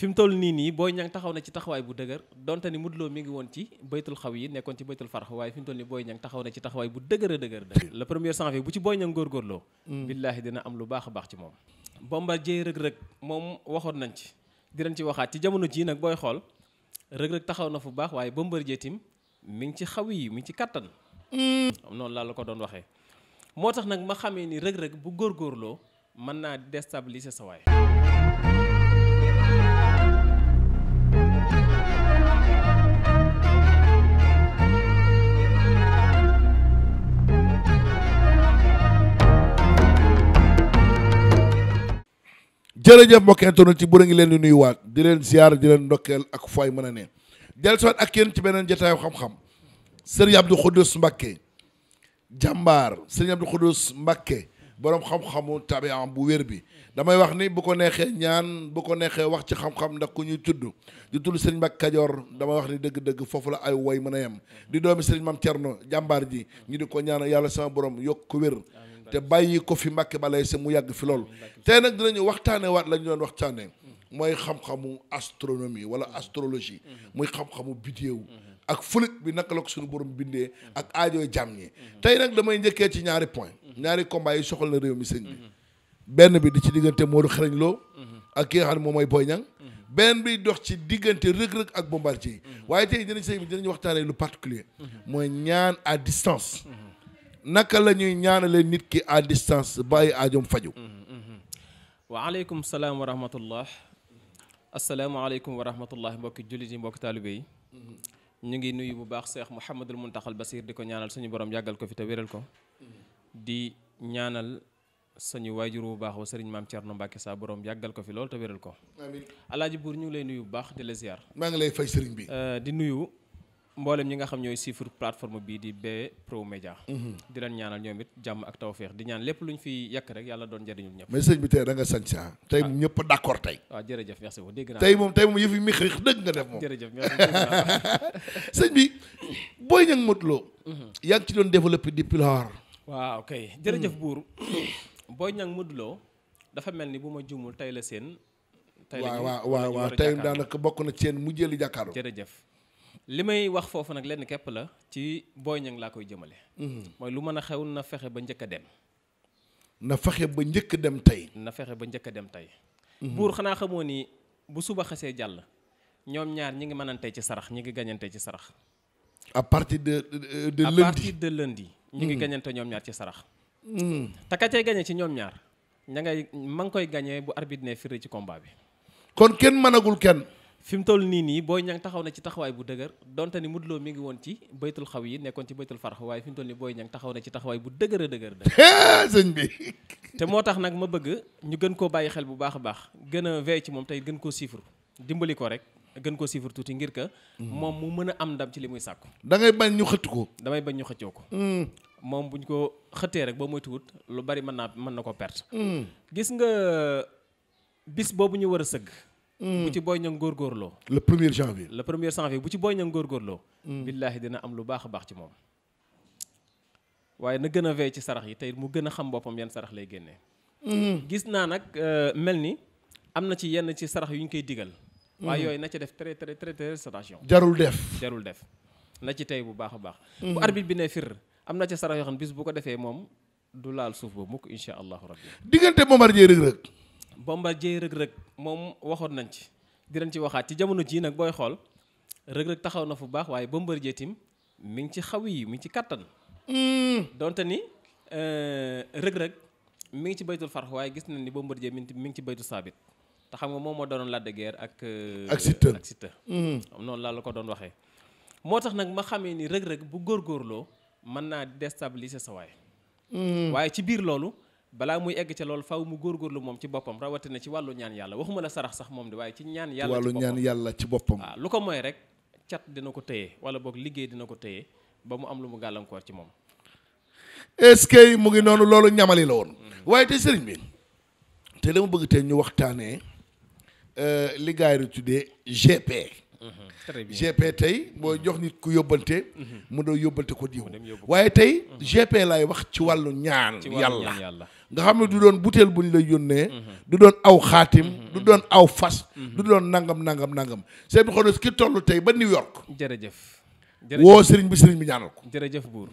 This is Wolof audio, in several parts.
fi mu toll nii nii Boy Niang taxaw na ci taxawaay bu dëgër donte ni Modou Lo mi ngi woon ci baytul xaw yi nekkoon ci baytul farax waaye fi mu toll nii Boy Niang taxaw na ci taxawaay bu dëgër a dëgër dëgër le premier janvier bu ci Boy Niang góorgóorloo mm. billaahi dina am lu baax a baax ci moom Bombardier rëg-rëg moom waxoon nañ ci dinañ ci waxaat ci jamono jii nag booy xool rëg-rëg taxaw na fu baax waaye jee tim mi ngi ci xaw yi mi ngi ci kattan mm. am noonu laa la ko doon waxee moo tax nag ma xamee ni rëg-rëg bu góorgóorloo mën naa déstabiliser sa jërëjëf mbokk internet ci bu ngi leen di nuyuwaat di leen ziar di leen ndokkeel ak fooy mën a ne dellusiwaat ak yéen ci beneen jotaayu xam-xam sëriñ Abdou Khoudous Mbacké jàmbaar sëriñ Abdou Khoudous Mbacké borom xam-xamu tabiam bu wér bi damay wax ni bu ko neexee ñaan bu ko neexee wax ci xam-xam ndax ku ñuy tudd di tudd sëriñ Mbacké Kajoor damay wax ni dëgg-dëgg foofu la ay woy mën a yem di doomi sëriñ Mam Thierno jàmbaar ji ñu di ko ñaan yàlla sama borom yokk ko wér te bàyyi ko fi Mbàkke balay sa mu yàgg fi lool tey nag dinañu waxtaane waat la ñu doon waxtaane mooy xam-xamu astronomie wala astrologie muy xam-xamu bidéew ak fulit bi naka la ko suñu borom bindee ak aajooy jàmm ñi tey nag damay njëkkee ci ñaari point ñaari combat yi soxal na réew mi sëñ bi benn bi di ci diggante Modou Xarañ Lo ak ki nga xam ne moom mooy Boy Niang benn bi dox ci diggante rëg-rëg ak bombardier waaye tey dinañ sëñ bi dinañ waxtaanee lu particulier mooy ñaan à distance naka la ñuy ñaanale nit ki à distance bàyyi aajom faju mm-hmm, mm-hmm. waaleykum salaam wa rahmatullah asalaamaaleykum wa rahmatullah mbokki jullit yi mbokki taalibe yi mm-hmm. ñu ngi nuyu bu baax seex mu Mouhamadul Muntaxal Basiir di ko ñaanal suñu borom yàggal ko fi te wéral ko di ñaanal suñu waajur bu baax wa sëriñ maam Thierno Mbacke saa borom yàggal ko fi loolu te wéral ko. amiin alaaji buur ñu ngi lay nuyu bu baax di la ziar. maa ngi lay fay sëriñ bi. Euh, di nuyu. mboolem ñi nga xam ñooy suivre plateforme bii di B Pro Média mhm. di leen ñaanal ñoom it jàmm ak tawféex di ñaan lépp lu ñu fi yàq rek yàlla doon njëriñul ñëpp mais sëñ bi tey da nga sañ sa tey ah. ñëpp d'accord tey waaw ah, jërëjëf merci beaucoup dégg naa tey moom tey moom yëf yi mi xëy dëgg nga def moom sëñ bi Boy Niang Modou mhm. yaa ngi ci doon développé depuis lors waaw kay jërëjëf buur Boy Niang Modou dafa mel ni bu ma jumul tey la seen tey la waaw waaw waaw tey daanaka bokk na seen mu jëli jàkkaarloo jërëjëf li may wax foofu nag lenn képp la ci Boy Niang laa koy jëmale. Mhm. mooy lu mën a xew na fexe ba njëkk dem. na fexe ba njëkk a dem tey. na fexe ba njëkk a dem tey. Mhm. buur xanaa xamoo ni bu suba xasee jàll ñoom ñaar ñi ngi mënantee ci sarax ñi ngi gañantee ci sarax. à partir de de, euh, de à lundi à partir ñu ngi mhm. gañante ñoom ñaar ci sarax. te ka gañe ci ñoom ñaar ña ngay ma ngi koy gañee bu arbitre ne firi ci combat bi. kon kenn mënagul kenn. fi mu toll nii nii Boy Niang taxaw na ci taxawaay bu dëgër donte ni Modou Lo mi ngi woon ci baytul xaw yi nekkoon ci baytul farax waaye fi mu toll nii Boy Niang taxaw na ci taxawaay bu dëgër a dëgër sëñ bi te moo tax nag ma bëgg ñu gën koo bàyyi xel bu baax a baax gën a veille ci moom tey gën koo siifru dimbali ko rek gën koo siifru tuuti ngir que moom mu mën a am ndam ci li muy sàkku da ngay bañ ñu xëtt ko damay bañ ñu xëccoo ko hmm. moom buñ ko xëttee rek ba mooy lu bari mën naa mën na ko perte hmm. gis nga uh, bis boobu ñu war a sëgg bu mm. ci booy ñang góorgóorloo le premier janvier le premier janvier bu ci booy ñang góorgóorloo mm. billaahi dina am lu baax a baax ci moom waaye na gën a vey ci sarax yi tey mu gën a xam boppam yan sarax lay génnee mm. gis naa nag euh, mel ni am na ci yenn ci sarax yu ñu koy digal waaye yooyu na ci def très très très très jarul def jarul def na ci tey bu baax a baax bu arbitre bi ne fir am na ci sarax yoo xam bis bu ko defee moom du laal suuf ba mukk insha allahu Bombardier rëg-rëg moom waxoon nañ ci dinañ ci waxaat ci jamono jii nag booy xool rëg-rëg taxaw na fu baax waaye Bombardier tim mi ngi ci xaw yi mi ngi ci kàttan hmm. donte ni euh, rëg-rëg mi ngi ci baytul farx waaye gis nañ ni Bombardier mi ngi ci baytu saabit te xam nga moom moo doonoon Lac de Guiers ak. Euh, ak Siteu ak hmm. noonu laa la ko doon waxee. moo tax nag ma xamee ni rëg-rëg bu góor góorloo mën naa déstabiliser sa waay. Hmm. waaye ci biir loolu. balaa muy egg ca loolu faw mu góorgóorlu moom ci boppam rawatina ci wàllu ñaan yàlla waxuma la sarax sax moom di waaye ci ñaan yàlla wàllu ñaan yàlla ci boppam waaw lu ko moy rek cat dina ko téye wala boog liggéey dina ko téye ba mu am lu mu gàllankoor ci moom est-ce que mu ngi noonu loolu ñamali la woon waaye te sëriñ bi te dama bëgg tey ñu waxtaanee euh, li gaay yi tuddee GP Mhm. GP tey boo jox nit ku yóbbante mhm. mu doo yóbbante ko diw waaye tey mhm. GP laay wax ci wàllu ñaan yàlla nga xam ne du doon butéel buñ lay yónnee du doon aw xaatim du doon aw fas du doon nangam nangam nangam seen bi xonos ki toll tey ba New York jërëjëf woo sëriñ bi sëriñ bi ñaanal ko jërëjëf buur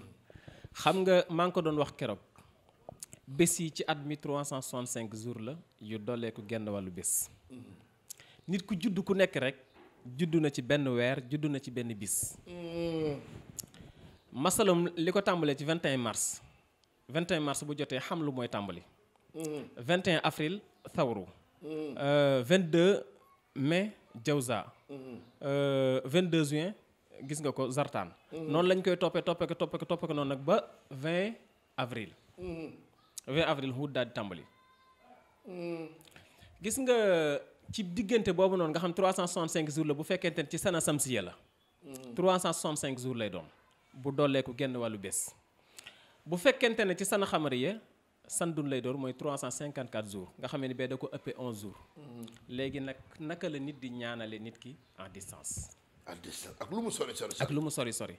xam nga maa ngi ko doon wax keroog bés yi ci at mi 365 jours la yu ko genn wàllu bés nit ku judd ku nekk rek juddu na ci benn weer juddu na ci benn bis. Mm. masalum li ko tàmbalee ci 21 mars 21 mars bu jotee xam lu mooy tàmbali. 21 mm. avril mais mm. euh, 22 mai jawza. 22 euh, juin gis nga ko zartaan. noonu lañ koy toppee toppee ko toppee noonu nag ba 20 avril. 20 avril huut daal tàmbali. gis nga. ci diggante boobu noonu nga xam trois cent 365 jours la bu fekkente ne ci sana samsiya la. cinq jours lay doon. bu dolleeku genn wàllu bés. bu fekkente ne ci sana xamariya san dun lay doon mooy cent 354 jours nga xam ne bee da ko ëppee 11 jours. léegi nag naka la nit di ñaanale nit ki en distance. en distance ak lu mu sori sori. lu mu sori sori.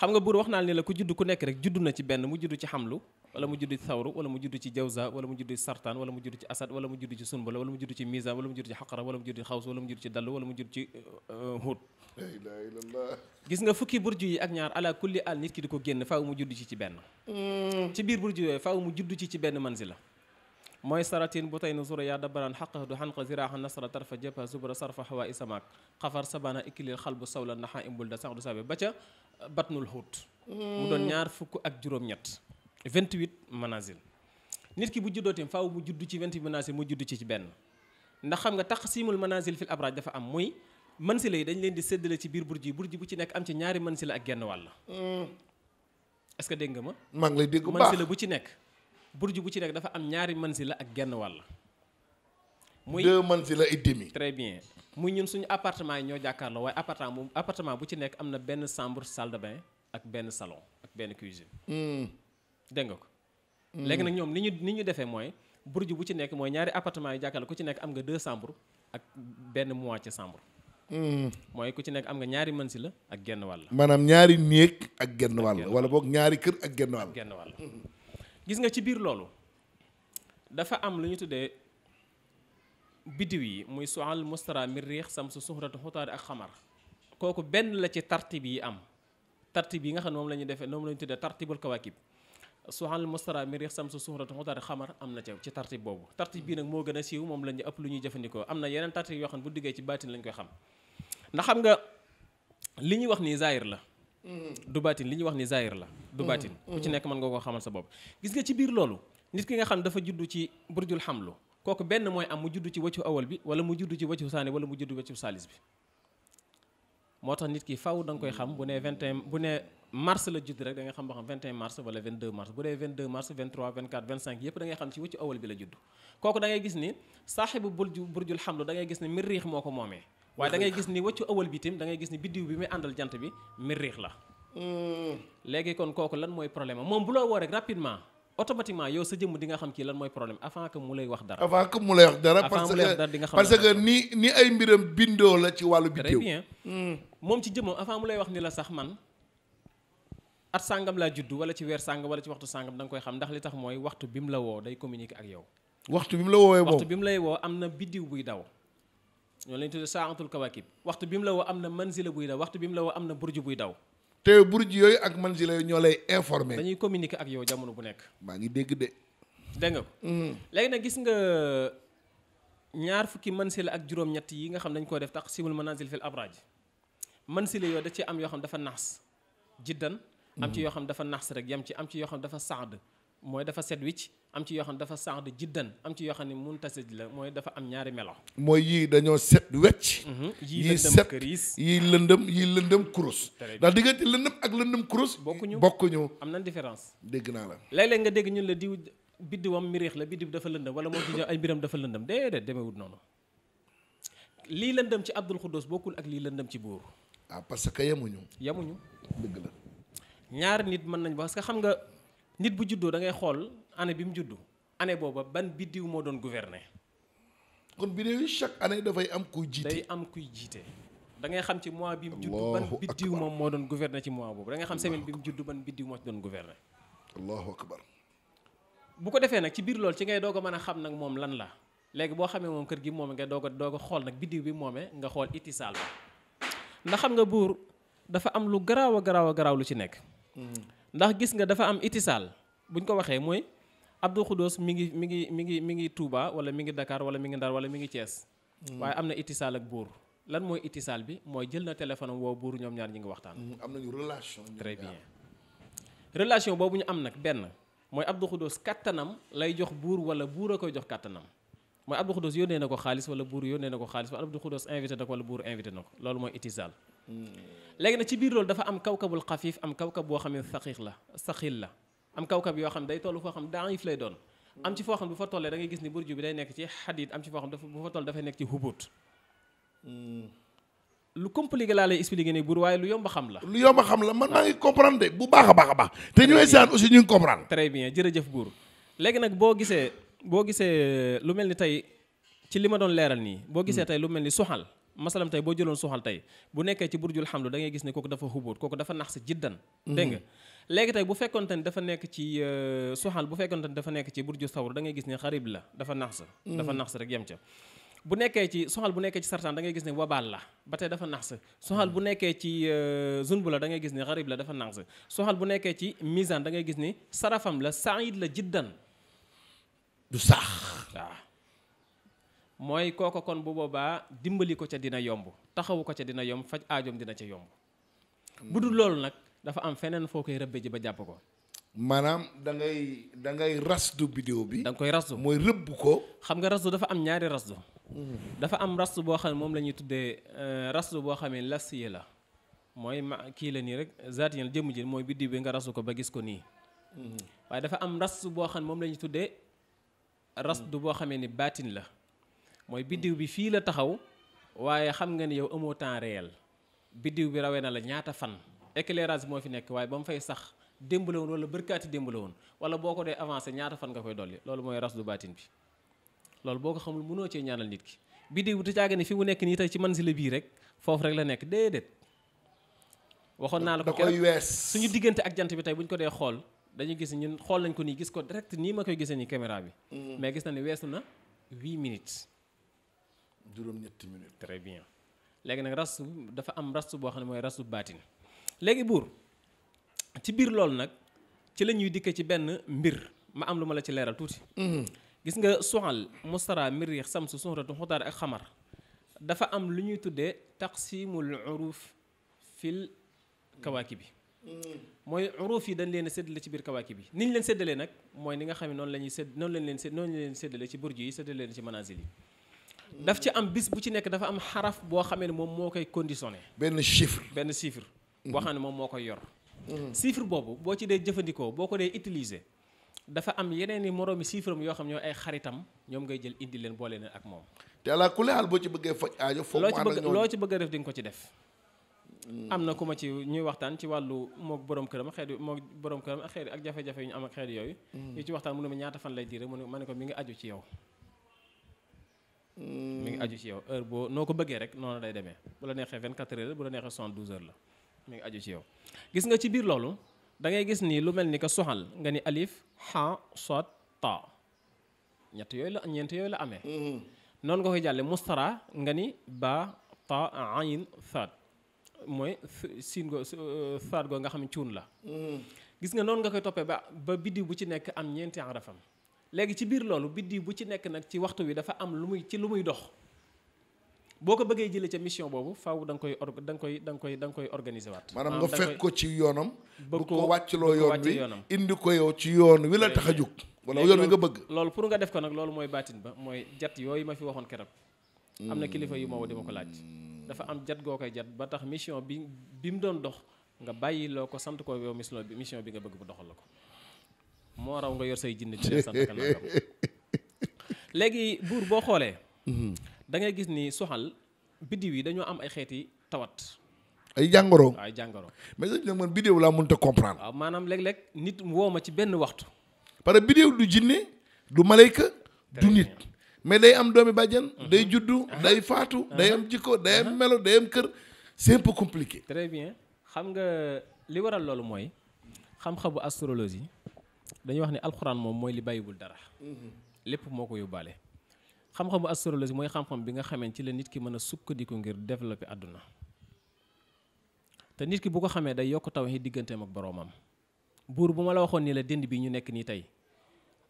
xam nga buur wax naa ni la ku judd ku nekk rek judd na ci benn mu judd ci xamlu wala mu judd ci sawru wala mu judd ci jawza wala mu judd ci sartaan wala mu judd ci asad wala mu judd ci sunbala wala mu judd ci mizan wala mu judd ci xaqara wala mu judd ci xaws wala dallu wala mu judd ci huut gis nga fukki burju yi ak ñaar ala kulli al nit ki di ko génn faaw mu judd ci ci benn ci biir burju yooyu mu judd ci ci benn manzila mooy saratin bu tey na zura yaa dabaran xaqax du xanqa ziraaxa nasara tarfa a zubra sarfa xawaa isamaak xafar sabana ikilil xal bu saw la naxa imbul da sax du sabe ba ca batnul xuut mu doon ñaar fukk ak juróom-ñett 28 manazil nit ki bu juddootim faaw mu judd ci 28 manazil mu judd ci ci benn ndax xam nga taqsimul manazil fil abraj dafa am muy mansila yi dañ leen di séddale ci biir burji burji bu ci nekk am ci ñaari mansila ak genn wàll mm. est-ce que dégg ma maa ngi lay dégg bu bu ci nekk burju bu ci nekk dafa am ñaari manzila ak genn wàll. muy deux manzila et demi. bien muy ñun suñu appartement yi ñoo jàkkaarloo waaye appartement bu appartement bu ci nekk am na benn chambre salle bain ak benn salon ak benn cuisine. Hmm. dégg nga ko. léegi nag ñoom ni ñu ni defee mooy burju bu ci nekk mooy ñaari appartement yi jàkkaarloo ku ci nekk am nga deux chambres ak benn moitié chambre. Hmm. mooy ku ci nekk am nga ñaari manzila ak genn wàll. maanaam ñaari néeg ak genn wàll. wala boog ñaari kër ak genn wàll. genn wàlla hmm. gis nga ci biir loolu dafa am lu ñu tuddee biddiw yi muy sual mustara mir riix sam su suxratu xutaari ak xamar kooku benn la ci tartib yi am tartib yi nga xam ne moom la ñu defee moom la ñu tuddee tartibul kawakib sual mustara mir riix sam su suxratu xutaari xamar am na ca ci tartib boobu tartib bii nag moo gën a siiw moom la ñu ëpp lu ñuy jëfandikoo am na yeneen tartib yoo xam ne bu diggee ci baatin lañ koy xam ndax xam nga li ñuy wax nii zaahir la du baatin li ñuy wax ni zaahir la du mm. ku ci nekk mën nga koo xamal sa bopp gis nga ci biir loolu nit ki nga xam dafa judd ci burjul xamlu kooku benn mooy am mu judd ci waccu awal wala mu judd ci waccu saani wala mu judd waccu saalis bi moo ki faw da nga koy xam bu nee 21 bu nee mars la judd rek da nga xam ba xam 21 mars wala 22 mars bu xam ci waccu gis ni saaxibu burju burjul xamlu da gis ni mirriix moo ko moomee waaye da ngay gis ni waccu awal bi itam da ngay gis ni biddiw bi muy àndal jant bi mériix la hmm. léegi kon kooku lan mooy problème moom bu loo woo rek rapidement automatiquement yow sa jëmm dinga xam kii lan mooy problème avant que mu lay wax dara avant que mu lay wax dara parce que parce que ni ni ay mbiram bindoo la ci wàllu bi très bien hmm. moom ci jëmmam avant mu lay wax ni la sax man at sàngam laa juddu wala ci weer sàngam wala ci waxtu sàngam danga nga koy xam ndax li tax mooy waxtu bi mu la woo day communiquer ak yow waxtu bi mu la woowee waxtu bi mu lay woo am na biddiw buy daw loolu la ñu tuddee saaxatul kawakib waxtu bi mu la woo am na manzila buy daw waxtu bi mu la woo am na burju buy daw. te burju yooyu ak manzila yooyu ñoo lay informé. dañuy communiquer ak yow jamono bu nekk. maa ngi dégg de. dégg nga ko. Mm-hmm. léegi nag gis nga ñaar fukki manzila ak juróom-ñett yi nga xam dañ koo def tax simul manazil fil abraj manzila yooyu da ci am yoo xam dafa naas jiddan am ci mm-hmm. yoo xam dafa naas rek yam ci am ci yoo xam dafa saad mooy dafa set wicc am ci yoo xam ne dafa sànq di jiddan am ci yoo xam ne muntasij la mooy dafa am ñaari melo. mooy yii dañoo set wecc. Mhm, yii set yii lëndëm yii lëndëm kurus. ndax diggante lëndëm ak lëndëm kurus. bokkuñu bokkuñu. am nañ différence. dégg naa la léeg nga dégg ñun la diw biddiwam miriix la biddiw dafa lëndëm wala moo ay mbiram dafa lëndëm déedéet demewut noonu lii lëndëm ci Abdul Xuddoos bokkul ak lii lëndëm ci buur. ah parce que yemuñu. yemuñu dëgg la. ñaari nit mën nañ parce que xam nga nit bu juddoo da ngay xool année bi mu juddu année booba ban biddiw moo doon gouverner. kon biddiw yi chaque année dafay am kuy jiite day am kuy jiite. da ngay xam ci mois bi mu juddu ban biddiw moom moo doon gouverner ci mois boobu da ngay xam semaine bi mu juddu ban biddiw moo ci doon gouverner. allahu akbar. bu ko defee nag ci biir loolu ci ngay doog a mën a xam nag moom lan la léegi boo xamee moom kër gi moom ngay doog a doog a xool nag biddiw bi moomee nga xool itisaal ba xam nga buur dafa am lu garaaw a garaaw a lu ci nekk. Hmm. ndax gis nga dafa am itisaal buñ ko waxee mooy Abdou Khoudous mi ngi mi ngi mi ngi mi ngi Touba wala mi ngi Dakar wala mi ngi Ndar wala mi ngi Thiès. Hmm. waaye am na ittisaal ak buur lan mooy ittisaal bi mooy jël na téléphone am woo buur ñoom ñaar ñi ngi waxtaan. Hmm, am nañu relation. très bien relation boobu ñu am nag benn mooy Abdou Khoudous kattanam lay jox buur wala buur a koy jox kattanam. mooy Abdou Khoudous yónnee na ko xaalis wala buur yónnee na ko xaalis wala Abdou Khoudous invité na ko wala buur invité na ko loolu mooy ittisaal. Hmm. léegi nag ci biir loolu dafa am kawkabul xafiif am kawkab boo xam ne saxiix la saxiil la am kawkab yoo xam ne day toll foo xam daif lay doon am ci foo xam bu fa tollee da ngay gis ni burju bi day nekk ci xadid am ci foo xam bu fa toll dafay nekk ci hubut hmm. lu compliqué laa lay expliqué nii buur waaye lu yomb xam la lu yomb xam la man maa ngi comprendre de bu baax a baax a baax te ñu essayaan aussi ñu ngi comprendre très bien jërëjëf buur léegi nag boo gisee boo gisee euh, lu mel ni tey ci li ma doon leeral nii boo gisee hmm. tey lu mel ni suxal masalam tey boo jëloon suxal tey bu nekkee ci burjul xamlu da ngay gis ne kooku dafa xubóot kooku dafa nax sa jiddan mhm. dégg nga léegi tey bu fekkonte ne dafa nekk ci euh, suxal bu fekkonte ne dafa nekk ci burju sawr dangay ngay gis ne xarib la dafa nax sa mhm. dafa nax rek yem ca bu nekkee ci soxal bu nekkee ci sartaan da ngay gis ne wabaal la ba tey dafa nax sa soxal bu nekkee ci euh, zunbu la da ngay gis ne xarib la dafa nax sa soxal bu nekkee ci misaan da ngay gis ni sarafam la saayid la jiddan du saax waaw mooy kooko kon bu boobaa dimbali ko ca dina yomb taxawu ko ca dina yomb faj aajoom dina ca yomb. bu dul loolu nag dafa am feneen foo koy rëbbe ji ba jàpp ko. maanaam da ngay da ngay rasdu vidéo bi. danga koy rasdu mooy rëbb ko. xam nga rasdu dafa am ñaari rasdu. dafa am rasdu boo xam ne moom la ñuy tuddee euh, rasdu boo xamee las yi la mooy ma kii la nii rek zaati yi la jëmm ji mooy biddiw bi nga rasdu ko ba gis ko nii. Hmm. waaye dafa am rasdu boo xam ne moom lañuy ñuy tuddee rasdu boo xamee ni baatin la. mooy biddiw bi fii la taxaw waaye xam nga ni yow amoo temps réel biddiw bi rawee na la ñaata fan éclairage bi moo fi nekk waaye ba mu fay sax démb la woon wala bërkaati démb la woon wala boo ko dee avance ñaata fan nga koy dolli loolu mooy ras du baatin bi loolu boo ko xamul mënoo cee ñaanal nit ki biddiw bi du caage ne fi mu nekk nii tey ci manzila bii rek foofu rek la nekk déedéet waxoon naa la ko koy suñu diggante ak jant bi tey bu ñu ko dee xool dañu gis ñun xool nañ ko nii gis ko direct nii ma koy gisee nii caméra bi mm. mais gis na ni weesu na 8 minutes juróom très bien léegi nag rastu dafa am rastu boo xam ne mooy rastu baatin léegi buur ci biir loolu nag ci la ñuy dikkee ci benn mbir ma am lu ma la ci leeral tuuti. Mhm. gis nga suxal mustara mirix samsu suxratu xutaar ak xamar dafa am lu ñuy tuddee taqsimul uruf fil kawaaki bi. Mhm. mooy uruuf yi dañ leen a ci biir kawaaki bi ni ñu leen séddalee nag mooy ni nga xam ne noonu la ñuy sédd noonu lañ leen sédd noonu leen ci burj yi seddale leen ci manazil yi. daf ci am bis bu ci nekk dafa am xaraf boo xamee ne moom moo koy conditionné. benn chiffre benn chiffre. boo mhm. xam ne moom moo koy yor. Mhm. chiffre boobu boo ci dee jëfandikoo boo ko dee utiliser dafa am yeneen i moroomi chiffre am yoo xam ñoo ay xaritam ñoom ngay jël indi leen boole leen ak moom. te allah kulli aal boo ci bëggee faj aajo. foofu loo ci bëgg def di nga ko ci def. Mm. am na ku ma ci ñuy waxtaan ci wàllu moog borom këram xeet moog borom këram ak xeet ak jafe-jafe yu ñu am ak xeet mm. ci waxtaan mu ne ma ñaata fan lay diire mu ne ma ne ko mi ngi aju ci yow mi ngi aju ci yow heure boo noo ko bëggee rek noonu lay demee bu la neexee 24 heures bu la neexee 72 heures la mi ngi aju ci yow. gis nga ci biir loolu da ngay gis ni lu mel ni que soxal nga ni alif ha sot ta ñett yooyu la ñeent yooyu la amee. Mm-hmm. noonu nga koy jàlle mustara nga ni ba ta ayin saat mooy siin go saat euh, nga xam ne cuun la. Mm-hmm. gis nga noonu nga koy toppee ba ba biddiw bu ci nekk am ñeenti arafam léegi ci biir loolu biddiw bu ci nekk nag ci waxtu wi dafa am lu muy ci lu muy dox boo ko bëggee jëlee ca mission boobu faaw da nga koy or da nga koy da nga koy da nga koy organiser waat. maanaam fekk ko ci yoonam. bëgg ko wàccloo yoon yoonam indi ko yow ci yoon wi la tax a jug wala yoon wi nga bëgg. loolu pour nga def ko nag loolu mooy baatin ba mooy jat yooyu ma fi waxoon keroog. am na kilifa yu ma woo di ma ko laaj. Hmm. dafa am jat goo koy jat ba tax mission bi bi mu doon dox nga bàyyi loo ko sant ko yow mission bi mission bi nga bëgg bu doxal la ko. moo raw nga yor say jinne di def léegi buur boo xoolee mhm. da ngay gis ni soxal biddiw yi dañoo am ay xeeti tawat ay jàngoro ay jàngoro mais sëñ nag man biddiw laa mënut a comprendre waaw maanaam léeg-léeg nit woo ma ci benn waxtu parce que biddiw du jinne du malayka du nit mais day am doomi bàjjan mhm. day juddu mhm. day faatu day am jikko day am melo day am kër c'est un peu compliqué très xam nga li waral loolu mooy xam-xamu astrologie dañuy wax ne alxuraan moom mooy li bàyyiwul dara. Mm-hmm. lépp moo ko yóbbaale. xam-xamu astrologie mooy xam-xam bi nga xamee ci la nit ki mën a sukkandiku ngir développer àdduna. te nit ki bu ko xamee day yokk taw yi digganteem ak boroomam. buur bu ma la waxoon nii la dënd bi ñu nekk nii tey.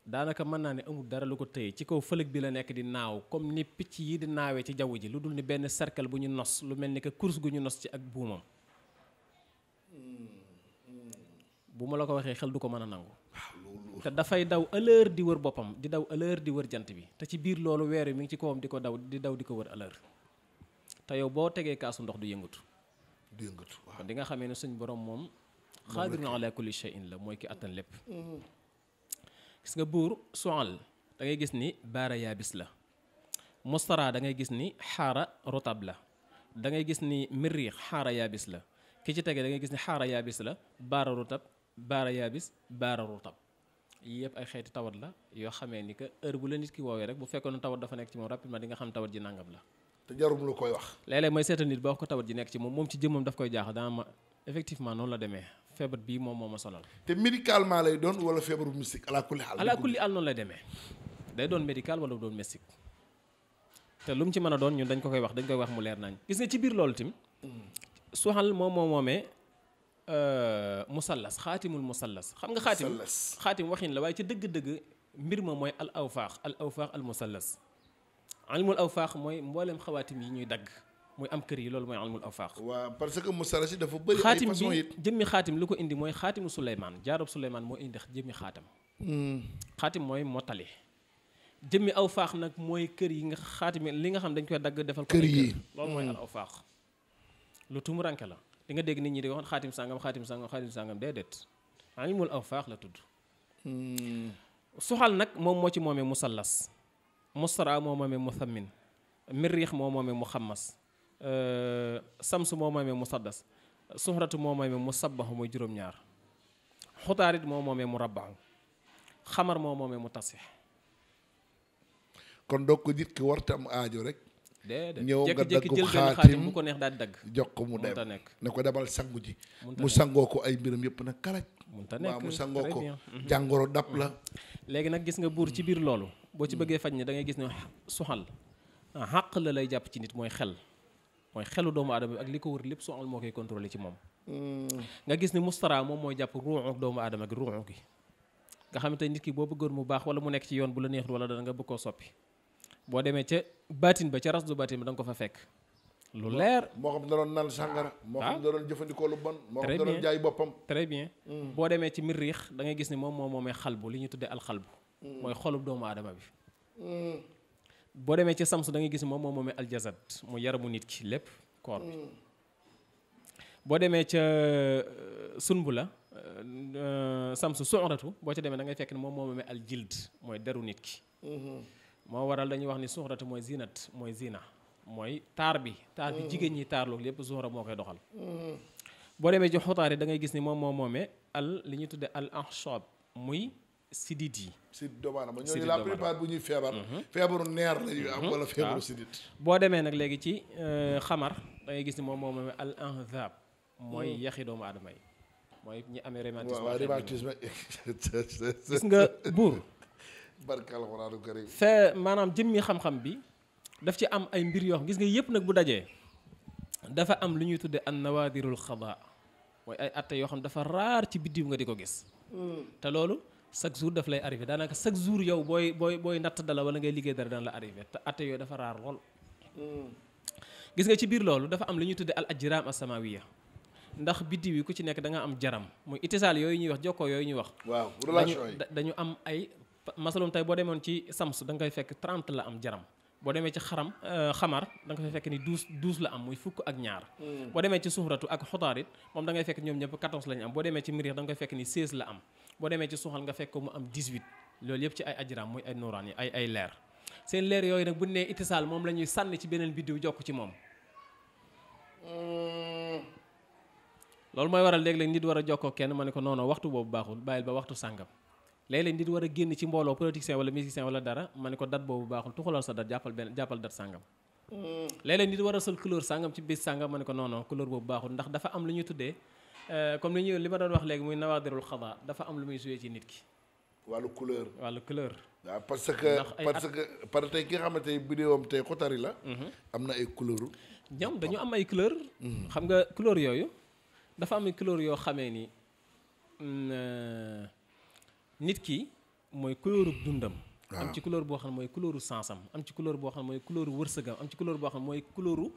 daanaka mën naa ne amul dara lu ko tëye ci kaw fëlëg bi la nekk di naaw comme ni picc yi di naawee ci jaww ji lu dul ni benn cercle bu ñu nos lu mel ni que course gu ñu nos ci ak buumam mm-hmm. bu ma la ko waxee xel du ko mën a nangu te dafay daw heure di wër boppam di daw heure di wër jant bi te ci biir loolu weer mi ngi ci kowam di ko daw di daw di ko wër heure te yow boo tegee kaasu ndox du yëngatu. du yëngatu di nga xamee ne suñ borom moom. xaadirun ala kulli shay'in la mooy ki attan lépp. Mm-hmm. gis nga buur soal da ngay gis ni baara yaabis la. mustara da ngay gis ni xaara rotab la. da ngay gis ni mirriix xaara yaabis la. ki ci tege da ngay gis ni xaara yaabis la baara rotab baara yaabis baara yii yëpp ay xeeti tawat la yoo xamee ni que heure bu la nit ki woowee rek bu fekkoon tawat dafa nekk ci moom rapidement di nga xam tawat ji nangam la. te jarum ko tawat ji nekk ci moom moom ci jëmmam daf koy jaaxal la moo ma sonal. te médicalement lay doon wala feebaru doon médical wala doon mystique te lu mu a doon ñun dañ ko koy wax dañ koy wax mu leer nañ gis nga ci biir loolu tim hmm. soxal moom moo moomee Euh, musallas xaatimul musallas xam nga xaatim xaatim waxin la waaye ca dëgg-dëgg mbir ma mooy al awfaax al awfaax al musallas almul awfaax mooy mbooleem xawaatim yi ñuy dagg muy am kër yi loolu mooy almul awfaax waaw parce que musallas yi dafa bëri xaatim bi jëmmi xaatim lu ko indi mooy xaatimu Suleymaan jaaroob Suleymaan moo indi jëmmi xaatam hmm. xaatim mooy mottali jëmmi awfaax nag mooy kër yi nga xaatim li nga xam dañ koy dagg defal ko kër yi loolu mooy hmm. al awfaax lu tumuranke la di nga dégg nit ñi di wax xaatim sàngam xaatim sàngam xaatim sàngam déedéet alimul awfaax la tudd hmm. suxal nag moom moo ci moomee musallas mustara moo moomee muthammin mirriix moo moomee muxammas euh, samsu moo moomee musaddas suxratu moo moomee musabbaxu muy juróom-ñaar xutaarit moo moomee murabbaxu xamar moo moomee mutasix kon donc nit ki warta am aajo rek de ñëw nga dagg xaatim bu ko neex daal dagg jox ko mu nekk ne ko demal sangu ji mu sangoo ko ay mbiram yëpp nag karaj munta nekk waaw mu sangoo ko mhm. jàngoro dab la mhm. léegi nag gis nga buur ci biir loolu boo ci bëggee faj ne da ngay gis ne suxal ah, xàq la lay jàpp ci nit mooy xel mooy xelu doomu aadama bi li ko wër lépp suxal moo koy ci moom hmm. nga gis ni mustara moom mooy jàpp ruuxu doomu aadama gi ruuxu gi nga xamante nit ki boo bëggoon mu baax wala mu nekk ci yoon bu la neexul wala dana nga bëgg koo soppi boo demee ca baatin ba ca rasdu baatin ba da nga ko fa fekk lu leer moo xam da doon naan sàngara moo xam ah. da doon jëfandikoo lu bon moo xam da doon jaay boppam très bien hmm. boo demee ci miriix da ngay gis ni moom moom moomee xalbu li ñu tuddee alxalbu hmm. mooy xolub doomu aadama bi hmm. boo demee ci samsu da ngay gis moom moom moomee aljasad mu yaramu nit ki lépp koor demee ca euh, sunbu la euh, euh, samsu suratu boo ca demee dangay ngay fekk ne moom moom moomee aljild mooy deru nit ki moo waral dañuy wax ni suxratu mooy zinat mooy zina mooy taar bi taar bi mm. jigéen ñi taarloo lépp suxra moo koy doxal mm. boo demee ci xutaar yi da ngay gis ni moom moo moomee al li ñuy tudde al anchob muy sidit yi sidit doomu aadama ñooñu la plupart bu ñuy feebar mhm. feebaru neer lañuy am mhm. wala feebaru boo demee nag léegi ci euh, xamar da ngay gis moom moo moomee al anzab mooy mm. yaxi doomu aadama yi mooy ñi amee rhumatisme gis nga buur barke alxuraanu karim fee maanaam jëmmi xam-xam bi daf ci am ay mbir yoo xam gis nga yëpp nag bu dajee dafa am lu ñuy tuddee an nawaadirul xabaa mooy ay atte yoo xam dafa raar ci biddiw nga di ko gis hmm. te loolu chaque jour daf lay arrivé daanaka chaque jour yow booy booy booy natt dala wala ngay liggéey dara dana la arrivé te atte yooyu dafa raar lool hmm. gis nga ci biir loolu dafa am lu ñuy tuddee al ajraam asamawiya ndax biddiw yi ku ci nekk da nga am jaram mooy itisaal yooyu ñuy wax jokkoo yooyu ñuy wax masalum tey boo demoon ci sams da nga koy fekk 30 la am jaram boo demee ci xaram euh, xamar da nga koy fekk ni douze douze la am muy fukk ak ñaar mm. boo demee ci suxratu ak xotaarit moom da ngay fekk ñoom ñëpp 14 la ñu am boo demee ci miriix da nga koy fekk ni 16 la am boo demee ci suxal nga fekk ko mu am 18 loolu yëpp ci ay ajram muy ay nuuraan yi ay leer seen leer yooyu nag bu ñu nee itisaal moom la ñuy sànni ci beneen biddiw jokk ci moom mm. loolu mooy waral léeg-léeg nit war a jokkoo kenn ma ne ko non waxtu boobu baaxul bàyyil ba waxtu sàngam léeg-léeg nit war a génn ci mbooloo politicien wala musicien wala dara ma ne ko date boobu baaxul tuxalal sa date jàppal benn jàppal date sàngam mm. léeg-léeg nit war a sol couleur sàngam ci bés sàngam ma ne ko non non couleur boobu baaxul ndax dafa am lu ñu tuddee euh, comme li ñu li ma doon wax léegi muy nawaadirul xada dafa am lu muy joué ci nit ki wàllu couleur wàllu couleur waaw parce que parce que par tey ki nga xamante ne bidéowam tey xotari la mhm. am na ay couleur ñoom dañu am ay couleur mhm. xam nga couleur yooyu dafa am ay couleur yoo xamee ni mm, euh, nit ki mooy couleur dundam. am ci couleur boo xam ne mooy couleur sens am am ci couleur boo xam ne mooy couleur wërsëgam am ci couleur boo xam ne mooy couleur.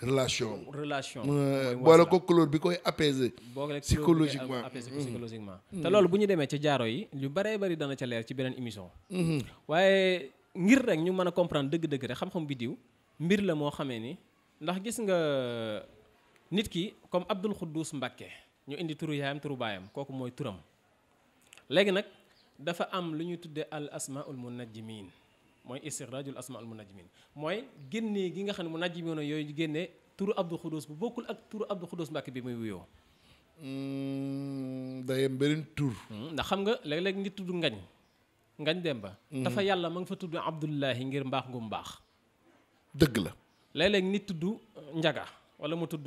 relation relation. Euh, boole ko couleur bi koy apaiser. psychologiquement apaiser mm-hmm. psychologiquement. Mm-hmm. te loolu bu ñu demee ca jaaro yi lu baree bari dana ca leer ci beneen émission. Mm-hmm. waaye ngir rek ñu mën a comprendre dëgg-dëgg rek xam-xam biddiw mbir la moo xamee ni ndax gis nga nit ki comme Abdul Xuddus Mbàkke ñu indi turu yaayam turu baayam kooku mooy turam. léegi nag dafa am lu ñuy tuddee al asmaul munajjimin mooy istixraajul asmaul munajjimin mooy génnee gi nga xam ne munajjimiin yooyu génnee turu Abdou Khoudous bu bokkul ak turu Abdou Khoudous Mbàkke bi muy wuyoo. Hmm, day am tur. Hmm, ndax xam nga léeg-léeg nit tudd ngañ ngañ dem ba. Hmm. dafa yàlla ma nga fa tudd Abdullahi ngir mbaax gu mbaax. dëgg la. léeg-léeg nit tudd njaga wala mu tudd.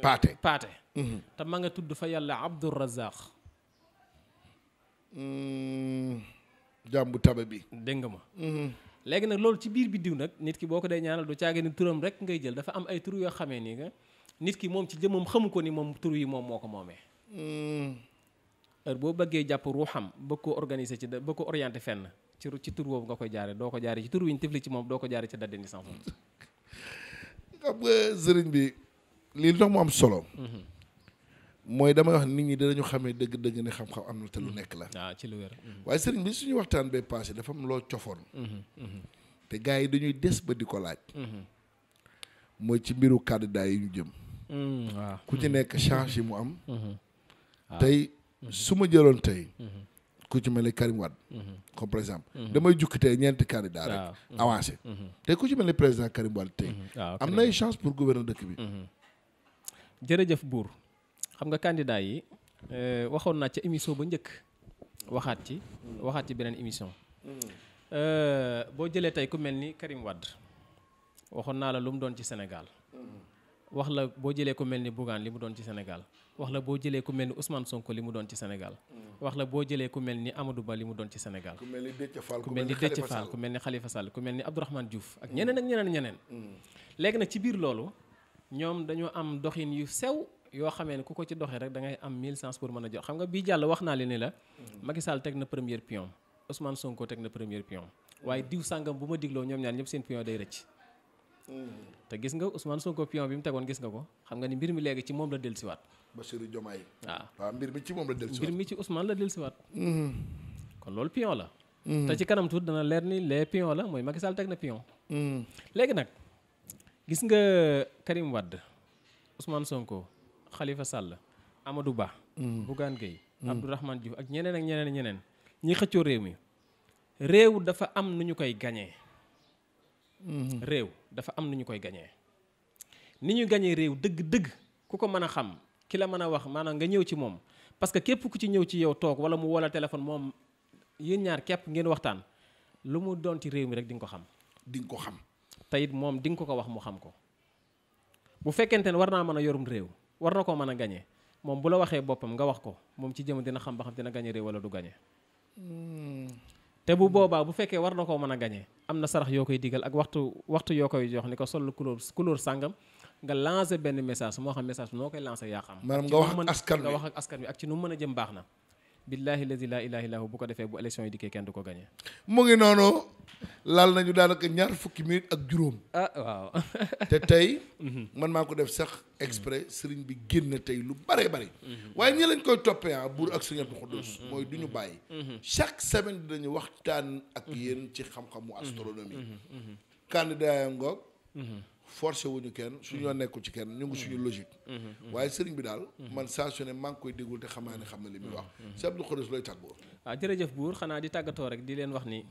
paate te ma nga tudd fa yàlla Abdou Razaq. Hmm, jàmbu tabe bi. dégg nga ma. Hmm. léegi nag loolu ci biir biddiw nag nit ki boo ko dee ñaanal du caage ni turam rek ngay jël dafa am ay tur yoo xamee nii nga nit ki moom ci jëmmam xamu ko ni moom tur yi moom moo ko moomee. Hmm. heure boo bëggee jàpp ruuxam bëgg ko organiser ci bëgg ko orienté fenn ci ci tur boobu nga koy jaare doo ko jaaree ci tur wi ñu tifli ci moom doo ko jaare ci daddini sans xam nga sëriñ bi lii ndox mu am solo. Mm-hmm. mooy damay wax nit ñi dinañu xamee dëgg-dëgg ne xam-xam am na te lu mm-hmm. nekk la. waaw ah, ci lu wér. Mm-hmm. waaye sëriñ bi suñu waxtaan bee passé dafa am loo cofoon. Mm-hmm. te gars yi dañuy des ba di ko laaj. mooy ci mbiru candidat yi ñu jëm. Ah. ku ci nekk change yi mu am. Ah. tey su ma jëloon tey. ku ci mel ni Karim Wade. comme par exemple. damay jukki tey ñeenti candidat rek. avancé te ku ci mel ni président Karim tey. am na ay chance pour gouverner dëkk bi. jërëjëf Bour. xam nga candidat yi euh, waxoon naa ca émission ba njëkk waxaat ci waxaat ci beneen émission mm. euh, boo jëlee tey ku mel ni Karim Wade waxoon naa la lu mu doon ci Sénégal mm. wax la boo jëlee ku mel ni Bougane li mu doon ci Sénégal wax la boo jëlee ku mel ni Ousmane Sonko li mu doon ci Sénégal mm. wax la boo jëlee ku mel ni amadu Ba li mu doon ci Sénégal ku mel ni Déthié Fall ku mel ni xalifa Fall ku mel ni Khalifa Sall ku mel ak ñeneen ak ñeneen ñeneen léegi nag ci biir loolu ñoom dañoo am doxin yu sew yoo xamee ne ku ko ci doxee rek da ngay am mille sens pour mën a jox xam nga bii jàll wax naa leen la mhm. Macky Sall teg na première pion Ousmane Sonko teg na premier pion waaye diw sàngam bu ma digloo ñoom ñaar ñëpp seen pion day rëcc mhm. te gis nga Ousmane Sonko pion bi mu tegoon gis nga ko xam nga ni mbir mi léegi ci moom la dellusiwaat Bassirou Diomaye waaw waaw mbir mi ci moom la dellusiwaat mbir mi ci Ousmane la dellusiwaat mhm. kon loolu pion la te ci kanam tuut dana leer ni les pion la mooy Macky Sall teg na pion léegi nag gis nga Karim Wade Ousmane Sonko Khalifa Sall Amadou Ba. Mm. Bougane Gueye. Mm. Abdourahmane jiw ak ñeneen ak ñeneen ñeneen ñi xëccoo réew mi réew dafa am nu ñu koy gañee mm-hmm. réew dafa am nu ñu koy gañee ni ñu gañee réew dëgg-dëgg ku ko mën a xam ki la mën a wax maanaam nga ñëw ci moom parce que képp ku ci ñëw ci yow toog wala mu wala téléphone moom yéen ñaar képp ngeen waxtaan lu mu doon ci réew mi rek di nga ko xam. di ko xam. te it moom di nga ko ko wax mu xam ko bu fekkente ne war naa mën a yorum réew. war na koo mën a gañe moom bu la waxee boppam nga wax ko moom ci jëm dina xam ba xam dina gañe réew wala du gañe hmm. te bu boobaa bu fekkee war na koo mën a gañe am na sarax yoo koy digal ak waxtu waxtu yoo koy jox ni ko sol couleur couleur sàngam nga lancé benn message moo xam message noo koy lancé yaa xam maanaam nga wax ak askan wi nga wax ak askan wi ak ci nu mu mën a jëm baax na billaahi lazi laa ilaaha illaa hu bu ko defee bu élection yi dikkee kenn du ko gañe mu laal nañu daanaka ñaar fukki minute ak juróom. ah waaw. te tey. Mhm. man maa ko def sax exprès sëriñ bi génn tey lu bare bare. Mhm. waaye ñi lañ koy toppee ah buur ak sëriñ Abdou Khoudous. Mhm. mooy du ñu bàyyi. chaque semaine dinañu waxtaan ak yéen ci xam-xamu astronomie. candidat ngoog. forcé wuñu kenn suñu yoon nekku ci kenn ñu ngi suñu logique. waaye sëriñ bi daal. man saa su ne maa ngi koy déglu te xamaa ne xam na li muy wax. sëriñ Abdou Khoudous looy tàggoo. Ah, jërëjëf buur xanaa di tàggatoo rek di leen wax ni.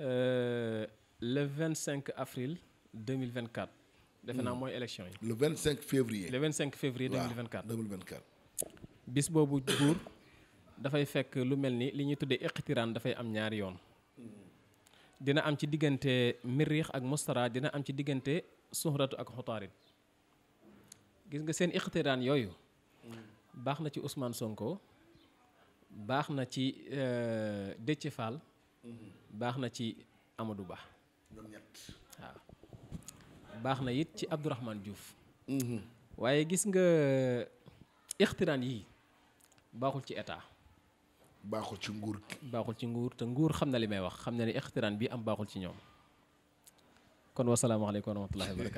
Euh, le 25 avril 2024. defe naa hmm. mooy élection yi. le 25 février. le 25 février 2024 waaw 2024. bis boobu buur dafay fekk lu mel ni li ñuy tuddee iqtiraan dafay am ñaari yoon. Hmm. dina am ci diggante miriix ak mustara dina am ci diggante suhratu ak xutaarin gis nga seen iqtiraan yooyu. Hmm. baax na ci Ousmane Sonko baax na ci euh, Déthié Fall. baax na ci amadu Ba. waaw. baax na it ci Abdourahmane Diouf. Mhm. waaye gis nga ixtiraan yi baaxul ci état. baaxul ci nguur baaxul ci nguur te nguur xam na li may wax xam na ne ixtiraan bi am baaxul ci ñoom kon wasalaamaaleykum wa rahmatullahi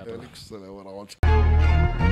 wa barakatuh.